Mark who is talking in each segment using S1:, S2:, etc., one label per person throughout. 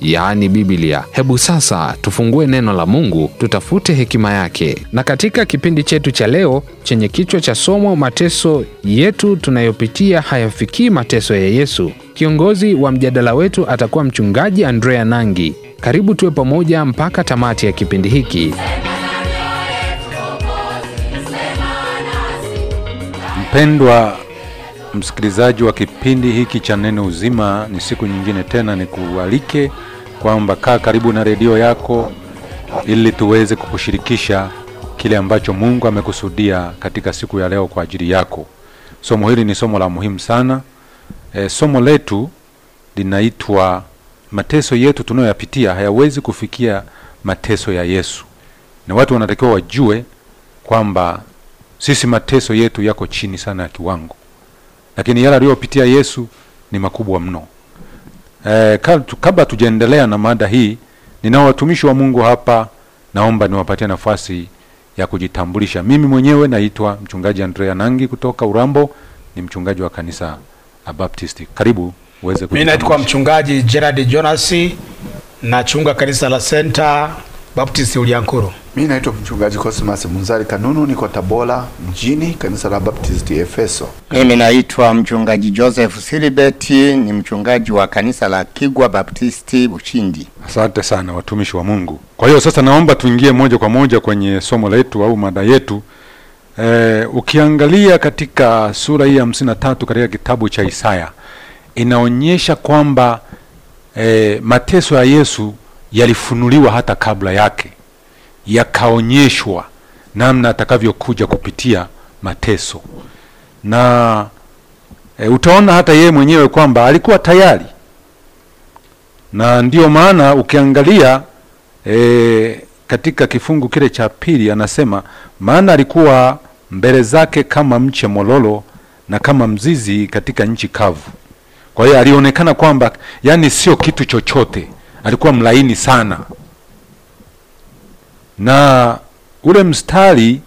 S1: yaani Biblia. Hebu sasa tufungue neno la Mungu, tutafute hekima yake. Na katika kipindi chetu cha leo chenye kichwa cha somo mateso yetu tunayopitia hayafikii mateso ya Yesu, kiongozi wa mjadala wetu atakuwa mchungaji Andrea Nangi. Karibu tuwe pamoja mpaka tamati ya kipindi hiki. Mpendwa
S2: msikilizaji wa kipindi hiki cha Neno Uzima, ni siku nyingine tena ni kualike kwamba kaa karibu na redio yako ili tuweze kukushirikisha kile ambacho Mungu amekusudia katika siku ya leo kwa ajili yako. Somo hili ni somo la muhimu sana. E, somo letu linaitwa mateso yetu tunayoyapitia hayawezi kufikia mateso ya Yesu, na watu wanatakiwa wajue kwamba sisi mateso yetu yako chini sana ya kiwango lakini yale aliyopitia Yesu ni makubwa mno. E, kabla tujaendelea na mada hii, ninao watumishi wa Mungu hapa, naomba niwapatie nafasi ya kujitambulisha. Mimi mwenyewe naitwa mchungaji Andrea Nangi kutoka Urambo, ni mchungaji wa kanisa la Baptisti. Karibu uweze kujitambulisha. Mimi naitwa
S3: mchungaji Gerard Jonas, nachunga kanisa la Center Baptist Uliankuru. Mimi naitwa mchungaji Cosmas Munzari Kanunu, niko Tabora mjini, kanisa la Baptist Efeso.
S4: Mimi
S5: naitwa mchungaji Joseph Silibeti, ni mchungaji wa kanisa la
S4: Kigwa
S2: Baptisti Ushindi. Asante sana watumishi wa Mungu. Kwa hiyo sasa naomba tuingie moja kwa moja kwenye somo letu au mada yetu. E, ukiangalia katika sura hii ya hamsini na tatu katika kitabu cha Isaya inaonyesha kwamba e, mateso ya Yesu yalifunuliwa hata kabla yake, yakaonyeshwa namna atakavyokuja kupitia mateso na e, utaona hata yeye mwenyewe kwamba alikuwa tayari, na ndiyo maana ukiangalia e, katika kifungu kile cha pili anasema, maana alikuwa mbele zake kama mche mololo na kama mzizi katika nchi kavu. Kwa hiyo alionekana kwamba yani sio kitu chochote alikuwa mlaini sana, na ule mstari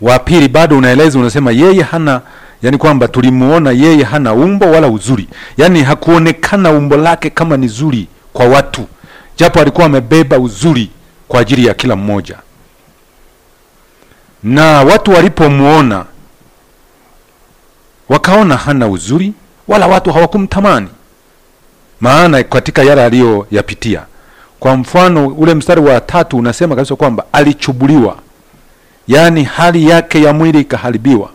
S2: wa pili bado unaeleza, unasema yeye hana yani kwamba tulimuona yeye hana umbo wala uzuri, yani hakuonekana umbo lake kama ni zuri kwa watu, japo alikuwa amebeba uzuri kwa ajili ya kila mmoja. Na watu walipomuona wakaona hana uzuri, wala watu hawakumtamani maana katika yale aliyoyapitia. Kwa mfano ule mstari wa tatu unasema kabisa kwamba alichubuliwa, yaani hali yake ya mwili ikaharibiwa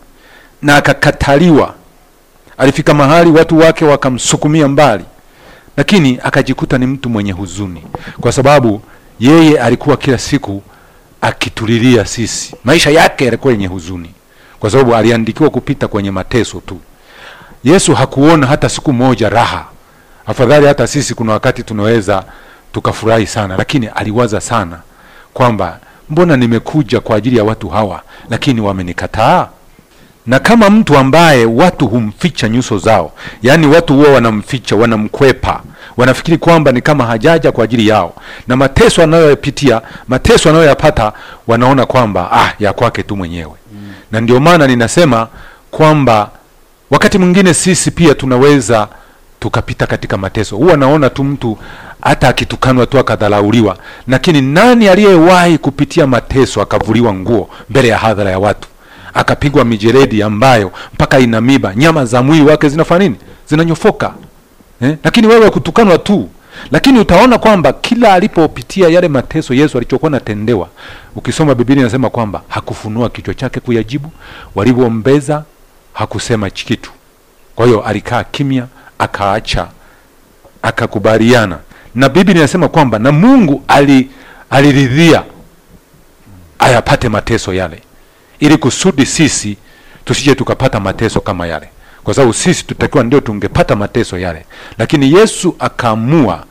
S2: na akakataliwa. Alifika mahali watu wake wakamsukumia mbali, lakini akajikuta ni mtu mwenye huzuni, kwa sababu yeye alikuwa kila siku akitulilia sisi. Maisha yake yalikuwa yenye huzuni, kwa sababu aliandikiwa kupita kwenye mateso tu. Yesu hakuona hata siku moja raha Afadhali hata sisi kuna wakati tunaweza tukafurahi sana, lakini aliwaza sana kwamba mbona nimekuja kwa ajili ya watu hawa lakini wamenikataa. Na kama mtu ambaye watu humficha nyuso zao, yaani watu huwa wanamficha, wanamkwepa, wanafikiri kwamba ni kama hajaja kwa ajili yao, na mateso anayoyapitia, mateso anayoyapata, wanaona kwamba ah, ya kwake tu mwenyewe mm. Na ndio maana ninasema kwamba wakati mwingine sisi pia tunaweza tukapita katika mateso. Huwa naona tu mtu hata akitukanwa tu akadharauliwa, lakini nani aliyewahi kupitia mateso akavuliwa nguo mbele ya hadhara ya watu akapigwa mijeredi ambayo mpaka inamiba nyama za mwili wake zinafanya nini? Zinanyofoka eh? Lakini wewe kutukanwa tu, lakini utaona kwamba kila alipopitia yale mateso Yesu alichokuwa natendewa, ukisoma Biblia inasema kwamba hakufunua kichwa chake kuyajibu, walivyombeza hakusema kitu. Kwa hiyo alikaa kimya akaacha akakubaliana na Biblia inasema kwamba na Mungu ali aliridhia ayapate mateso yale, ili kusudi sisi tusije tukapata mateso kama yale, kwa sababu sisi tutakiwa ndio tungepata mateso yale, lakini Yesu akaamua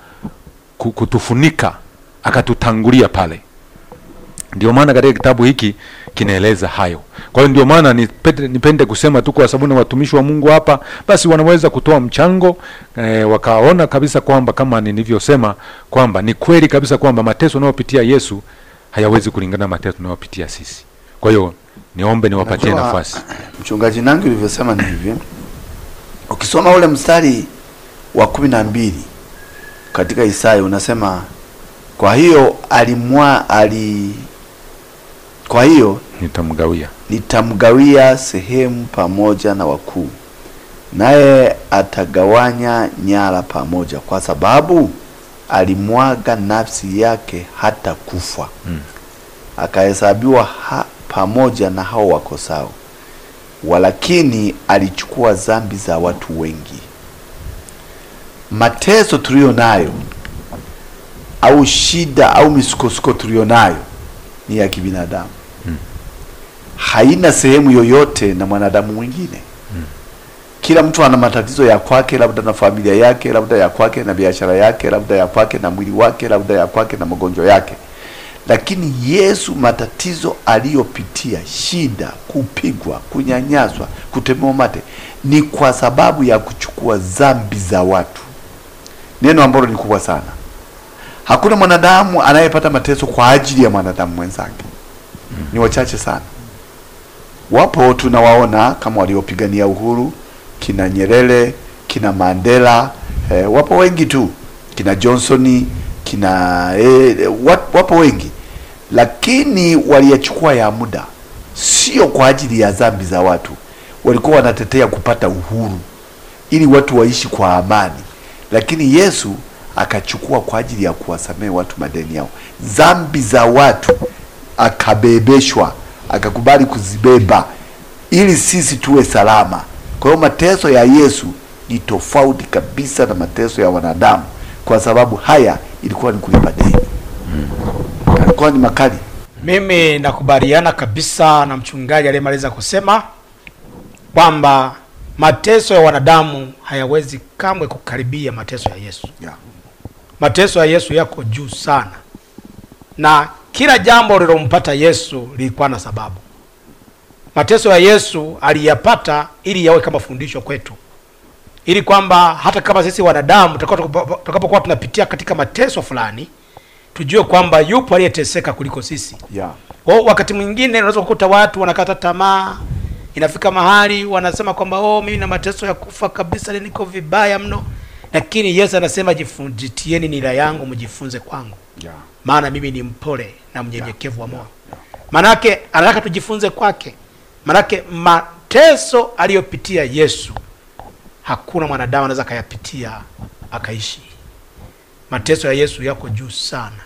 S2: kutufunika, akatutangulia pale. Ndio maana katika kitabu hiki kinaeleza hayo. Kwa hiyo ndio maana nipende, kusema tu, kwa sababu ni watumishi wa Mungu hapa, basi wanaweza kutoa mchango e, wakaona kabisa kwamba kama nilivyosema kwamba ni kweli kabisa kwamba mateso anayopitia Yesu hayawezi kulingana na mateso tunayopitia sisi. Kwa hiyo niombe niwapatie nafasi.
S4: Mchungaji Nangi, ulivyosema ni hivyo. Ukisoma ule mstari wa kumi na mbili katika Isaya unasema, kwa hiyo alimwa ali kwa hiyo nitamgawia, nitamgawia sehemu pamoja na wakuu, naye atagawanya nyara pamoja, kwa sababu alimwaga nafsi yake hata kufa mm. Akahesabiwa ha, pamoja na hao wakosao, walakini alichukua zambi za watu wengi. Mateso tuliyo nayo au shida au misukosuko tuliyo nayo ni ya kibinadamu mm. haina sehemu yoyote na mwanadamu mwingine mm. Kila mtu ana matatizo ya kwake, labda na familia yake, labda ya kwake na biashara yake, labda ya kwake na mwili wake, labda ya kwake na magonjwa yake. Lakini Yesu matatizo aliyopitia, shida, kupigwa, kunyanyaswa, kutemewa mate, ni kwa sababu ya kuchukua dhambi za watu, neno ambalo ni kubwa sana Hakuna mwanadamu anayepata mateso kwa ajili ya mwanadamu mwenzake, ni wachache sana. Wapo tunawaona kama waliopigania uhuru, kina Nyerere, kina Mandela, eh, wapo wengi tu, kina Johnsoni, kina eh, wapo wengi, lakini waliyachukua ya muda, sio kwa ajili ya dhambi za watu. Walikuwa wanatetea kupata uhuru ili watu waishi kwa amani, lakini Yesu akachukua kwa ajili ya kuwasamehe watu madeni yao, dhambi za watu akabebeshwa, akakubali kuzibeba ili sisi tuwe salama. Kwa hiyo mateso ya Yesu ni tofauti kabisa na mateso ya wanadamu,
S3: kwa sababu haya ilikuwa ni kulipa deni, alikuwa ni makali. Mimi nakubaliana kabisa na mchungaji aliyemaliza kusema kwamba mateso ya wanadamu hayawezi kamwe kukaribia mateso ya Yesu, yeah mateso ya Yesu yako juu sana, na kila jambo lilompata Yesu lilikuwa na sababu. Mateso ya Yesu aliyapata ili yawe kama fundisho kwetu, ili kwamba hata kama sisi wanadamu tutakapokuwa tunapitia katika mateso fulani tujue kwamba yupo aliyeteseka kuliko sisi yeah. O, wakati mwingine unaweza kukuta watu wanakata tamaa, inafika mahali wanasema kwamba oh, mimi na mateso ya kufa kabisa, niko vibaya mno. Lakini Yesu anasema jifunditieni nira yangu mjifunze kwangu, yeah. maana mimi ni mpole na mnyenyekevu wa moyo yeah. yeah. Manake anataka tujifunze kwake, manake mateso aliyopitia Yesu hakuna mwanadamu anaweza akayapitia akaishi. Mateso ya Yesu yako juu sana,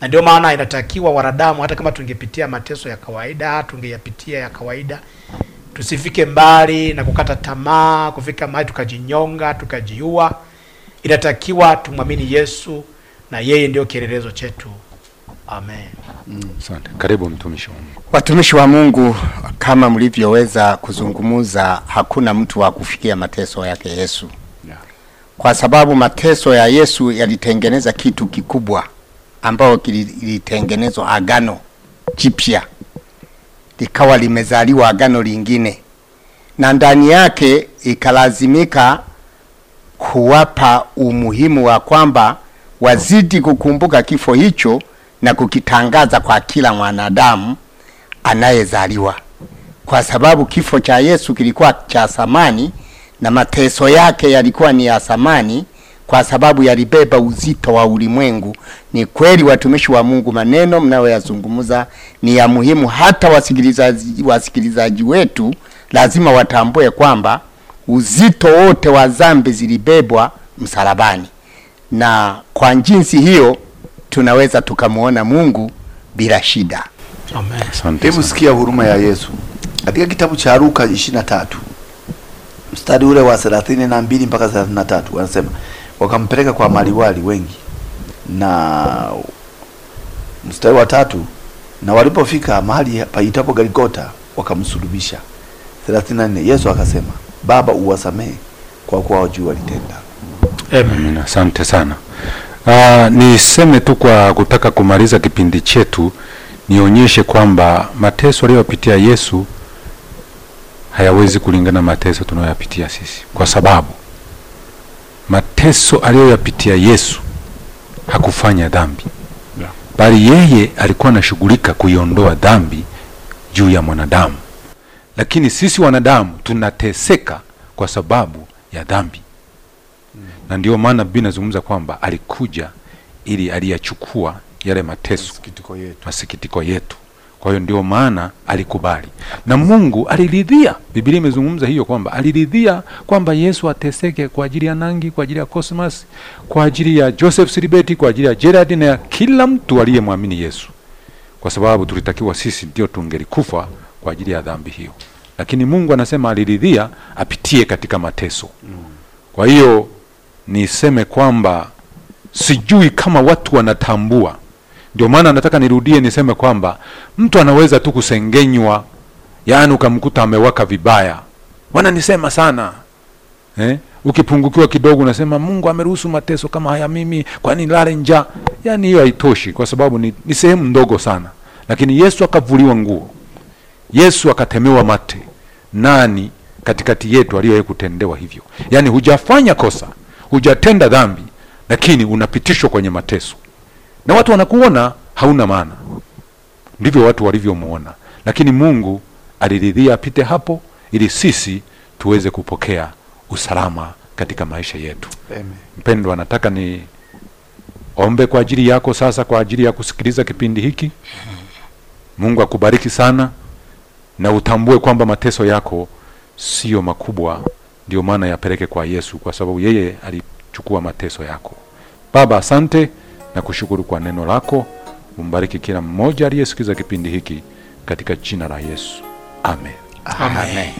S3: na ndio maana inatakiwa wanadamu, hata kama tungepitia mateso ya kawaida, tungeyapitia ya kawaida, tusifike mbali na kukata tamaa, kufika mahali tukajinyonga, tukajiua Inatakiwa tumwamini Yesu na yeye ndio kielelezo chetu. Amen.
S2: Mm, asante. Karibu mtumishi wa Mungu.
S5: Watumishi wa Mungu, kama mlivyoweza kuzungumuza, hakuna mtu wa kufikia mateso yake Yesu, kwa sababu mateso ya Yesu yalitengeneza kitu kikubwa ambao kilitengenezwa agano jipya likawa limezaliwa agano lingine, na ndani yake ikalazimika huwapa umuhimu wa kwamba wazidi kukumbuka kifo hicho na kukitangaza kwa kila mwanadamu anayezaliwa, kwa sababu kifo cha Yesu kilikuwa cha thamani na mateso yake yalikuwa ni ya thamani, kwa sababu yalibeba uzito wa ulimwengu. Ni kweli, watumishi wa Mungu, maneno mnayoyazungumza ni ya muhimu. Hata wasikilizaji wasikilizaji wetu lazima watambue kwamba uzito wote wa dhambi zilibebwa msalabani, na kwa jinsi hiyo tunaweza tukamwona Mungu bila shida.
S4: Amen. Hebu sikia huruma ya Yesu katika kitabu cha Luka 23 mstari ule wa 32 mpaka 33, wanasema wakampeleka kwa maliwali wengi, na mstari wa tatu, na walipofika mahali paitapo Galikota wakamsulubisha. 34 Yesu akasema Baba uwasamehe kwa kuwa wajua walitenda.
S2: Amen, asante sana. Aa, ah, niseme tu kwa kutaka kumaliza kipindi chetu nionyeshe kwamba mateso aliyopitia Yesu hayawezi kulingana mateso tunayoyapitia sisi, kwa sababu mateso aliyoyapitia Yesu hakufanya dhambi yeah, bali yeye alikuwa anashughulika kuiondoa dhambi juu ya mwanadamu lakini sisi wanadamu tunateseka kwa sababu ya dhambi mm. na ndio maana bibi nazungumza kwamba alikuja ili aliyachukua yale mateso, masikitiko yetu, masikitiko yetu. Kwa hiyo ndio maana alikubali na Mungu aliridhia. Biblia imezungumza hiyo kwamba aliridhia kwamba Yesu ateseke kwa ajili ya Nangi, kwa ajili ya Cosmas, kwa ajili ya Joseph Silibeti, kwa ajili ya Gerard na ya kila mtu aliyemwamini Yesu, kwa sababu tulitakiwa sisi ndio tungelikufa kwa ajili ya dhambi hiyo lakini Mungu anasema aliridhia apitie katika mateso. Kwa hiyo niseme kwamba sijui kama watu wanatambua, ndio maana nataka nirudie niseme kwamba mtu anaweza tu kusengenywa, yaani ukamkuta amewaka vibaya, wananisema sana eh? Ukipungukiwa kidogo unasema Mungu ameruhusu mateso kama haya, mimi kwani lale nja Yaani hiyo haitoshi, kwa sababu ni, ni sehemu ndogo sana, lakini Yesu akavuliwa nguo, Yesu akatemewa mate, nani katikati yetu aliyewahi kutendewa hivyo? Yaani hujafanya kosa, hujatenda dhambi, lakini unapitishwa kwenye mateso na watu wanakuona hauna maana. Ndivyo watu walivyomwona, lakini Mungu aliridhia apite hapo ili sisi tuweze kupokea usalama katika maisha yetu. Amen. Mpendwa, nataka ni ombe kwa ajili yako sasa, kwa ajili ya kusikiliza kipindi hiki. Mungu akubariki sana na utambue kwamba mateso yako sio makubwa, ndio maana yapeleke kwa Yesu, kwa sababu yeye alichukua mateso yako. Baba, asante na kushukuru kwa neno lako. Umbariki kila mmoja aliyesikiza kipindi hiki katika jina la Yesu, amen.
S1: Amen. Amen.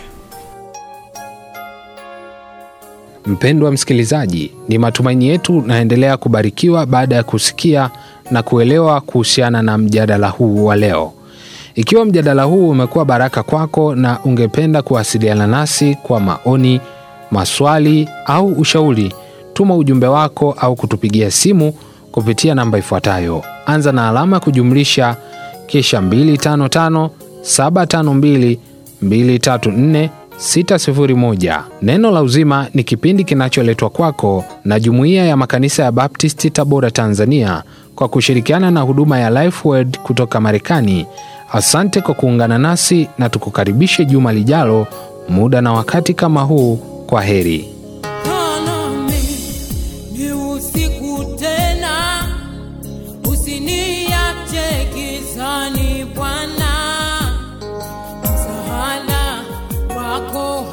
S1: Mpendwa msikilizaji, ni matumaini yetu naendelea kubarikiwa baada ya kusikia na kuelewa kuhusiana na mjadala huu wa leo. Ikiwa mjadala huu umekuwa baraka kwako na ungependa kuwasiliana nasi kwa maoni, maswali au ushauri, tuma ujumbe wako au kutupigia simu kupitia namba ifuatayo: anza na alama kujumlisha kisha 255 Neno la Uzima ni kipindi kinacholetwa kwako na Jumuiya ya Makanisa ya Baptisti Tabora, Tanzania, kwa kushirikiana na huduma ya Lifeword kutoka Marekani Asante kwa kuungana nasi na tukukaribishe juma lijalo, muda na wakati kama huu. Kwa heri. Ni usiku tena, Bwana, wako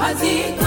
S1: Yesu, yangu